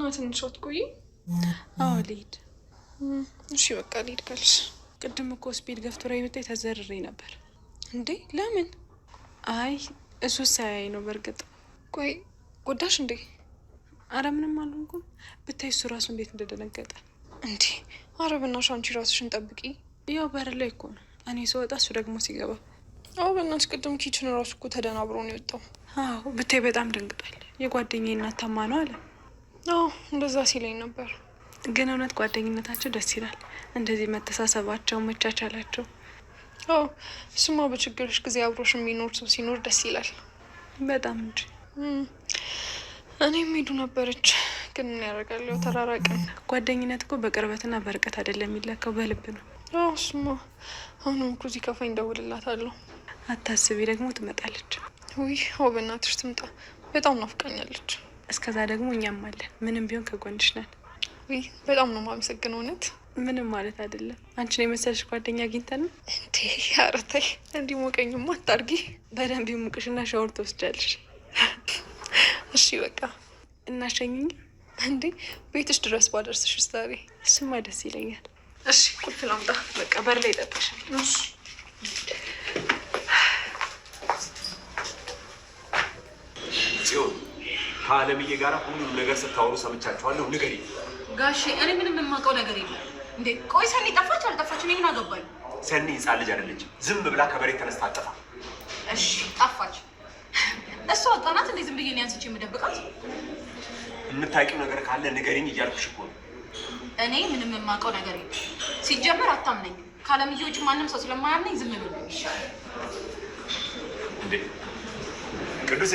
እና ትንሽ አትቆይ? አዎ ልሂድ። እሺ በቃ ልሂድ ካልሽ። ቅድም እኮ ስፒድ ገፍቶ ላይ ብታይ ተዘርሬ ነበር። እንዴ ለምን? አይ እሱ ሳያይ ነው። በእርግጥ ቆይ ጎዳሽ እንዴ? አረ ምንም አልሆንኩም። ብታይ እሱ ራሱ እንዴት እንደደነገጠ እንዴ። አረ በናትሽ አንቺ ራስሽን ጠብቂ። ያው በር ላይ እኮ ነው እኔ ስወጣ እሱ ደግሞ ሲገባ። አዎ በእናትሽ ቅድም ኪችን ራሱ እኮ ተደናብሮ ነው የወጣው። አዎ ብታይ በጣም ደንግጧል። የጓደኛዬ እናት ታማ ነው አለ አዎ እንደዛ ሲለኝ ነበር። ግን እውነት ጓደኝነታቸው ደስ ይላል። እንደዚህ መተሳሰባቸው፣ መቻቻላቸው። አዎ ስማ፣ በችግሮች ጊዜ አብሮሽ የሚኖር ሰው ሲኖር ደስ ይላል በጣም እንጂ። እኔ የሚሄዱ ነበረች፣ ግን ምን ያደርጋለሁ ተራራቅን። ጓደኝነት እኮ በቅርበትና በርቀት አይደለም የሚለካው በልብ ነው። አዎ ስማ፣ አሁንም እኮ እዚህ ከፋኝ እደውልላታለሁ። አታስቢ፣ ደግሞ ትመጣለች። ውይ አዎ፣ በእናትሽ ትምጣ፣ በጣም ናፍቃኛለች። እስከዛ ደግሞ እኛም አለን። ምንም ቢሆን ከጎንሽ ነን። በጣም ነው የማመሰግነው እውነት ምንም ማለት አይደለም። አንቺን የመሰለሽ ጓደኛ አግኝተን ነው እንዴ? ያረታይ እንዲሞቀኝማ አታርጊ። በደንብ ይሙቅሽና ሻወር ትወስጃለሽ። እሺ በቃ እናሸኝኝ። እንዴ ቤትሽ ድረስ ባደርስሽ ዛሬ። እሱማ ደስ ይለኛል። እሺ ቁልፍ ላምጣ። በቃ በር ላይ ጠብቅሽ። ከአለምዬ ጋር ሁሉንም ነገር ስታወሩ ሰምቻችኋለሁ። ንገሪ ጋሼ። እኔ ምንም የማውቀው ነገር የለም። እንዴ ቆይ ሰኒ ጠፋች አልጠፋች እኔ ምን አገባኝ? ሰኒ ሕፃን ልጅ አይደለችም። ዝም ብላ ከመሬት ተነስታ አጠፋ። እሺ ጠፋች፣ እሱ ወጣናት። እንዴ ዝም ብዬ እኔ አንስቼ የምደብቃት? የምታውቂው ነገር ካለ ንገሪኝ እያልኩሽ እኮ ነው። እኔ ምንም የማውቀው ነገር የለም። ሲጀመር አታምነኝ። ከአለምዬ ውጭ ማንም ሰው ስለማያምነኝ ዝም ብሎ ይሻል። እንዴ ቅዱሴ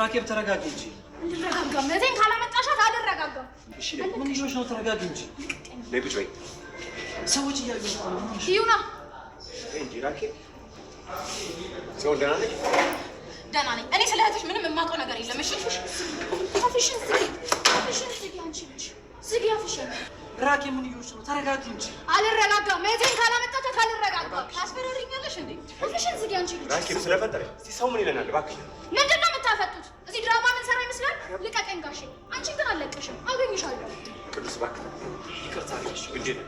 ራኬብ ተረጋጊ እንጂ። እንድረጋጋም ካላመጣሻት አልረጋጋም። ምን ይዞሽ ነው? ተረጋጊ እንጂ። ለቁጭ በይ። ሰዎች እያዩ ይሁና እንጂ ራኬብ ሰው ደህና ነኝ፣ ደህና ነኝ። እኔ ስለ እህትሽ ምንም የማውቀው ነገር የለም። እሺ አፍሽን ዝጊ፣ አፍሽን ዝጊ። አንቺ ልጅ ዝጊ አፍሽን። ራኬብ ምን ይዞሽ ነው? ተረጋጊ እንጂ። አልረጋጋም። ለዚህ ካላመጣሻት አልረጋጋም። ታስፈራሪኛለሽ እንዴ? አፍሽን ዝጊ አንቺ ልጅ ራኬብ። ስለፈጠረ ሰው ምን ይለናል? እባክሽ ምንድን ነው ልቀቀኝ ጋሼ። አንቺ ግን አለቀሽም፣ አገኝሻለሁ። ቅዱስ እባክህ ይቅርታ አለሽ። እንዴት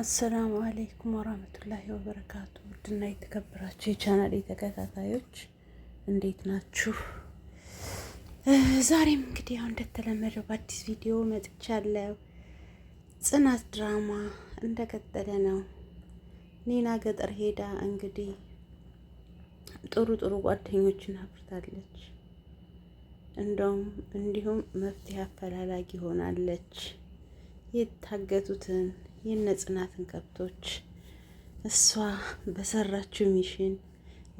አሰላሙ አሌይኩም ወራህመቱላሂ ወበረካቱ። ውድና የተከበራችሁ የቻናሌ ተከታታዮች እንዴት ናችሁ? ዛሬም እንግዲህ ያው እንደተለመደው በአዲስ ቪዲዮ መጥቻለሁ። ጽናት ድራማ እንደቀጠለ ነው። ኒና ገጠር ሄዳ እንግዲህ ጥሩ ጥሩ ጓደኞችን አፍርታለች። እንደውም እንዲሁም መፍትሄ አፈላላጊ ሆናለች። የታገቱትን የነ ጽናትን ከብቶች እሷ በሰራችው ሚሽን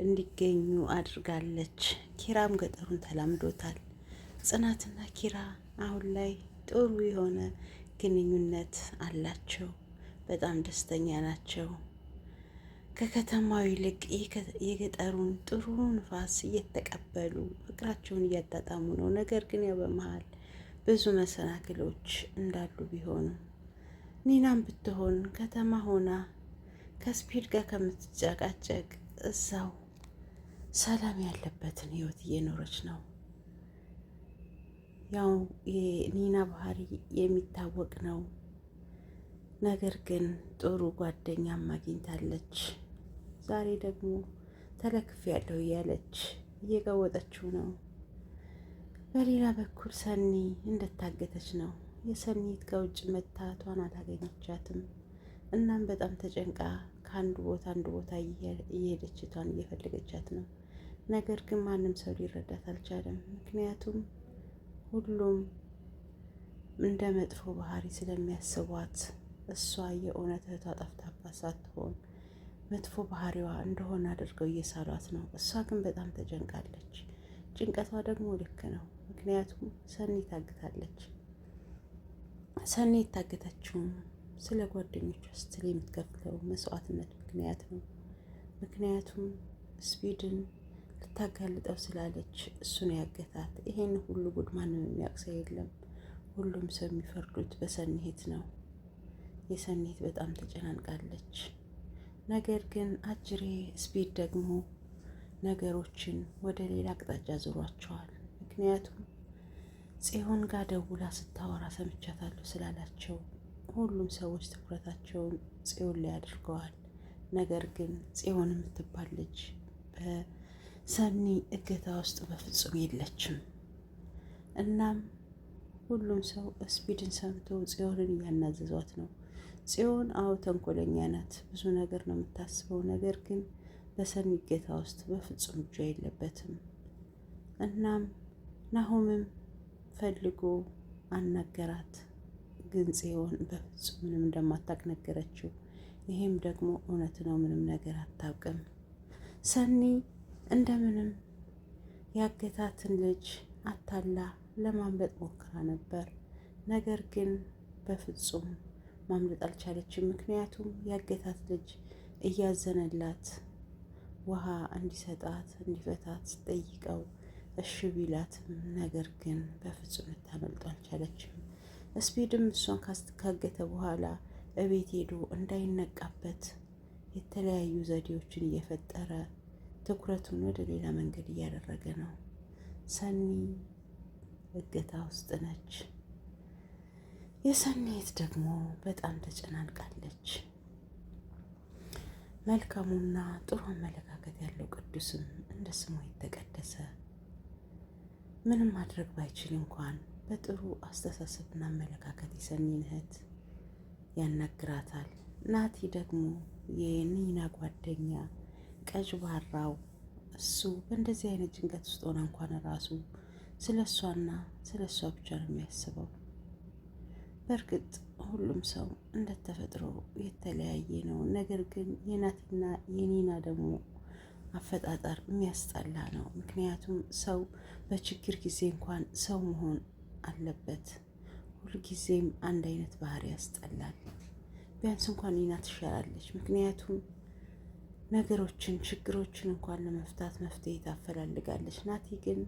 እንዲገኙ አድርጋለች። ኪራም ገጠሩን ተላምዶታል። ጽናትና ኪራ አሁን ላይ ጥሩ የሆነ ግንኙነት አላቸው። በጣም ደስተኛ ናቸው። ከከተማው ይልቅ የገጠሩን ጥሩ ንፋስ እየተቀበሉ ፍቅራቸውን እያጣጣሙ ነው። ነገር ግን ያው በመሀል ብዙ መሰናክሎች እንዳሉ ቢሆኑም ኒናም ብትሆን ከተማ ሆና ከስፒድ ጋር ከምትጨቃጨቅ እዛው ሰላም ያለበትን ህይወት እየኖረች ነው። ያው የኒና ባህሪ የሚታወቅ ነው። ነገር ግን ጥሩ ጓደኛም አግኝታለች። ዛሬ ደግሞ ተለክፍ ያለው እያለች እየቀወጠችው ነው። በሌላ በኩል ሰኒ እንደታገተች ነው። የሰኒት ከውጭ መታቷን አላገኘቻትም። እናም በጣም ተጨንቃ ከአንድ ቦታ አንድ ቦታ እየሄደችቷን እየፈለገቻት ነው። ነገር ግን ማንም ሰው ሊረዳት አልቻለም። ምክንያቱም ሁሉም እንደ መጥፎ ባህሪ ስለሚያስቧት እሷ የእውነት እህቷ ጠፍታባት ሳትሆን መጥፎ ባህሪዋ እንደሆነ አድርገው እየሳሏት ነው። እሷ ግን በጣም ተጨንቃለች። ጭንቀቷ ደግሞ ልክ ነው። ምክንያቱም ሰኒ ታግታለች። ሰኒ የታገተችውም ስለ ጓደኞቿ ስትል የምትከፍለው መስዋዕትነት ምክንያት ነው። ምክንያቱም ስፒድን ልታጋልጠው ስላለች እሱን ያገታት። ይሄን ሁሉ ጉድ ማንም የሚያቅሰው የለም። ሁሉም ሰው የሚፈርዱት በሰኒሄት ነው። የሰኒሄት በጣም ተጨናንቃለች። ነገር ግን አጅሬ ስፒድ ደግሞ ነገሮችን ወደ ሌላ አቅጣጫ ዞሯቸዋል። ምክንያቱም ጽዮን ጋር ደውላ ስታወራ ሰምቻታለሁ ስላላቸው ሁሉም ሰዎች ትኩረታቸውን ጽዮን ላይ አድርገዋል። ነገር ግን ጽዮን የምትባል ልጅ ሰኒ እገታ ውስጥ በፍጹም የለችም። እናም ሁሉም ሰው ስፒድን ሰምቶ ጽዮንን እያናዘዟት ነው። ጽዮን አዎ ተንኮለኛ ናት፣ ብዙ ነገር ነው የምታስበው። ነገር ግን በሰኒ እገታ ውስጥ በፍጹም እጇ የለበትም። እናም ናሁምም ፈልጎ አናገራት። ግን ጽዮን በፍጹም ምንም እንደማታቅ ነገረችው። ይሄም ደግሞ እውነት ነው፣ ምንም ነገር አታውቅም ሰኒ እንደምንም ያገታትን ልጅ አታላ ለማምለጥ ሞክራ ነበር። ነገር ግን በፍጹም ማምለጥ አልቻለችም። ምክንያቱም ያገታት ልጅ እያዘነላት ውሃ እንዲሰጣት እንዲፈታት ስትጠይቀው እሺ ቢላትም ነገር ግን በፍጹም ልታመልጥ አልቻለችም። ስፒድም እሷን ካገተ በኋላ እቤት ሄዶ እንዳይነቃበት የተለያዩ ዘዴዎችን እየፈጠረ ትኩረቱን ወደ ሌላ መንገድ እያደረገ ነው። ሰኒ እገታ ውስጥ ነች። የሰኒት ደግሞ በጣም ተጨናንቃለች። መልካሙና ጥሩ አመለካከት ያለው ቅዱስም እንደ ስሙ የተቀደሰ ምንም ማድረግ ባይችል እንኳን በጥሩ አስተሳሰብና አመለካከት የሰኒን እህት ያናግራታል። ናቲ ደግሞ የኒና ጓደኛ ቀዥባራው እሱ በእንደዚህ አይነት ጭንቀት ውስጥ ሆና እንኳን ራሱ ስለ እሷና ስለ እሷ ብቻ ነው የሚያስበው። በእርግጥ ሁሉም ሰው እንደ ተፈጥሮ የተለያየ ነው። ነገር ግን የናትና የኔና ደግሞ አፈጣጠር የሚያስጠላ ነው። ምክንያቱም ሰው በችግር ጊዜ እንኳን ሰው መሆን አለበት። ሁልጊዜም አንድ አይነት ባህሪ ያስጠላል። ቢያንስ እንኳን ኒና ትሻላለች። ምክንያቱም ነገሮችን ችግሮችን እንኳን ለመፍታት መፍትሄ ታፈላልጋለች። ናቲ ግን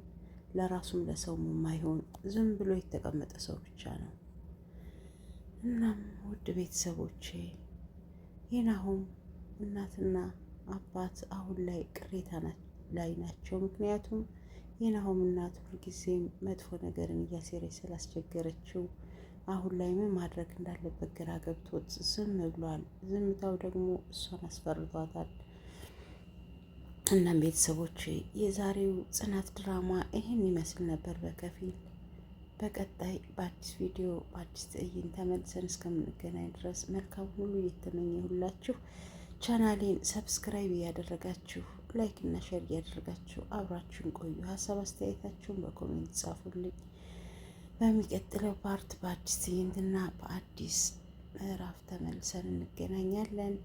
ለራሱም ለሰውም የማይሆን ዝም ብሎ የተቀመጠ ሰው ብቻ ነው። እናም ውድ ቤተሰቦቼ የናሆም እናትና አባት አሁን ላይ ቅሬታ ላይ ናቸው። ምክንያቱም የናሆም እናት ሁልጊዜም መጥፎ ነገርን እያሴረች ስላስቸገረችው አሁን ላይ ምን ማድረግ እንዳለበት ግራ ገብቶት ዝም ብሏል። ዝምታው ደግሞ እሷን አስፈርቷታል። እናም ቤተሰቦች የዛሬው ጽናት ድራማ ይህን ይመስል ነበር በከፊል በቀጣይ በአዲስ ቪዲዮ በአዲስ ትዕይንት ተመልሰን እስከምንገናኝ ድረስ መልካም ሁሉ እየተመኘ ቻናሌን ሰብስክራይብ እያደረጋችሁ ላይክ እና ሼር እያደረጋችሁ አብራችሁን ቆዩ። ሀሳብ አስተያየታችሁን በኮሜንት ጻፉልኝ። በሚቀጥለው ፓርት በአዲስ ትዕይንትና በአዲስ ምዕራፍ ተመልሰን እንገናኛለን።